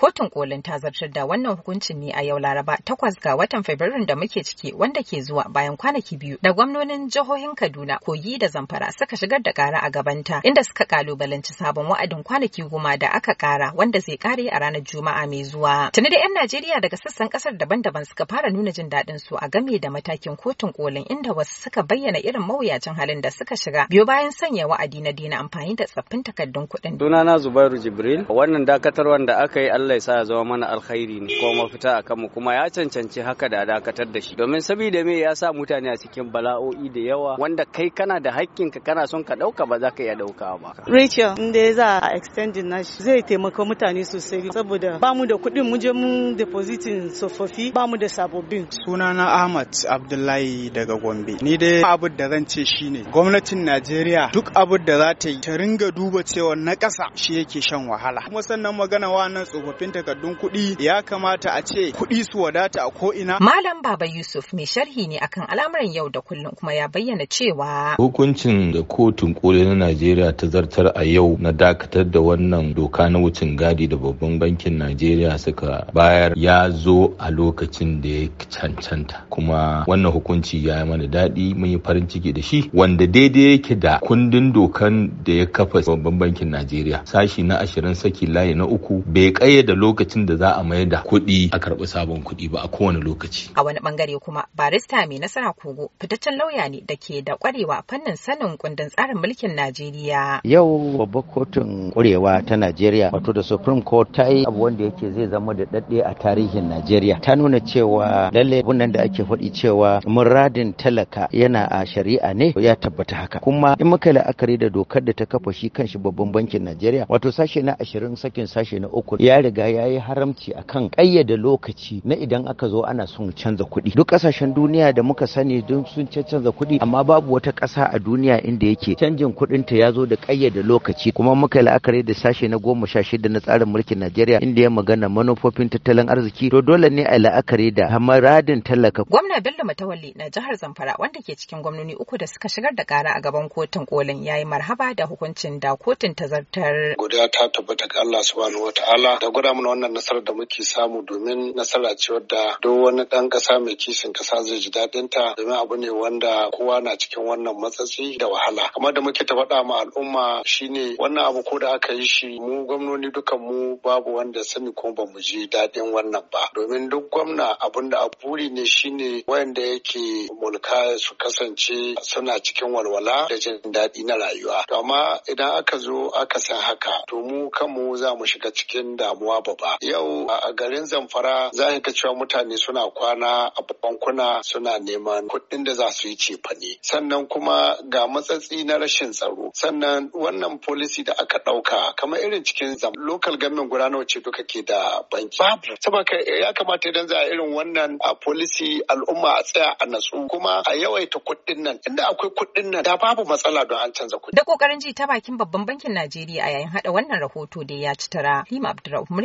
Kotun kolin ta zartar da wannan hukuncin ne a yau Laraba takwas ga watan Fabrairu da muke ciki wanda ke zuwa bayan kwanaki biyu da gwamnonin jihohin Kaduna, Kogi da Zamfara suka shigar da kara a gabanta inda suka kalubalanci sabon wa'adin kwanaki goma da aka kara wanda zai kare a ranar Juma'a mai zuwa. Tuni da 'yan Najeriya daga sassan kasar daban-daban suka fara nuna jin daɗin su a game da matakin kotun kolin inda wasu suka bayyana irin mawuyacin halin da suka shiga biyo bayan sanya wa'adi na dina amfani da tsaffin takardun kuɗin. Sunana Zubairu Jibril wannan dakatarwar da aka yi Allah ya sa ya zama mana alkhairi ne ko mafita a kanmu kuma ya cancanci haka da dakatar da shi domin saboda me ya sa mutane a cikin bala'o'i da yawa wanda kai kana da hakkin ka kana son ka ɗauka ba za ka iya ɗauka ba. Rachel ya za a na nashi zai taimaka mutane sosai saboda ba mu da kuɗin mu je mu depositin tsofaffi ba mu da Suna na Ahmad Abdullahi daga Gombe. Ni dai abin da zan ce shine gwamnatin Najeriya duk abin da za ta yi ta ringa duba cewa na ƙasa shi yake shan wahala. Kuma sannan magana wa nan kafin takardun kuɗi ya kamata a ce kuɗi su wadata a ko'ina. Malam Baba Yusuf mai sharhi ne akan al'amuran yau da kullum kuma ya bayyana cewa. Hukuncin da kotun koli na Najeriya ta zartar a yau na dakatar da wannan doka na wucin gadi da babban bankin Najeriya suka bayar ya zo a lokacin da ya cancanta kuma wannan hukunci ya yi mana daɗi mun yi farin ciki da shi wanda daidai yake da kundin dokan da ya kafa babban bankin Najeriya sashi na ashirin saki layi na uku bai ƙayyade da lokacin da za a mayar da kuɗi a karɓi sabon kuɗi ba a kowane lokaci. A wani bangare kuma barista mai nasara kogo fitaccen lauya ne da ke da kwarewa fannin sanin kundin tsarin mulkin Najeriya. Yau babbar kotun ƙwarewa ta Najeriya wato da Supreme Court ta yi abu wanda yake zai zama da daɗe a tarihin Najeriya. Ta nuna cewa lallai nan da ake faɗi cewa muradin talaka yana a shari'a ne ya tabbata haka. Kuma in muka la'akari da dokar da ta kafa shi kanshi babban bankin Najeriya wato sashe na ashirin sakin sashe na uku ya riga riga ya yi haramci akan ƙayyade lokaci na idan aka zo ana son canza kuɗi duk ƙasashen duniya da muka sani don sun canza kuɗi amma babu wata ƙasa a duniya inda yake canjin kuɗinta ya zo da ƙayyade lokaci kuma muka yi la'akari da sashe na goma sha shida na tsarin mulkin Najeriya inda ya magana manufofin tattalin arziki to dole ne a yi la'akari da hamaradin tallaka. Gwamna Bello Matawalli na jihar Zamfara wanda ke cikin gwamnoni uku da suka shigar da kara a gaban kotun kolin yayi marhaba da hukuncin da kotun ta zartar. Guda ta tabbata ga Allah subhanahu ta'ala da kara mana wannan nasarar da muke samu domin nasara ce wadda duk wani ɗan ƙasa mai kishin ƙasa zai ji daɗin ta domin abu ne wanda kowa na cikin wannan matsatsi da wahala. Kamar da muke ta faɗa ma al'umma shine wannan abu ko da aka yi shi mu gwamnoni dukan mu babu wanda sani ko ba mu ji daɗin wannan ba. Domin duk gwamna abin da aburi ne shine wanda yake mulka su kasance suna cikin walwala da jin daɗi na rayuwa. To amma idan aka zo aka san haka to mu kanmu za mu shiga cikin damuwa babu ba yau a garin zamfara za ka ga cewa mutane suna kwana a bankuna suna neman kuɗin da za su yi cefane sannan kuma ga matsatsi na rashin tsaro sannan wannan policy da aka ɗauka kamar irin cikin zam local government guda nawa ce duka ke da banki babu saboda eh, ya kamata idan za a irin wannan a policy al'umma a tsaya a natsu kuma a yawaita kuɗin nan inda akwai kuɗin nan da babu matsala don an canza kuɗi da ƙoƙarin ji ta bakin babban bankin Najeriya a yayin haɗa wannan rahoto da ya ci tara Abdurrahman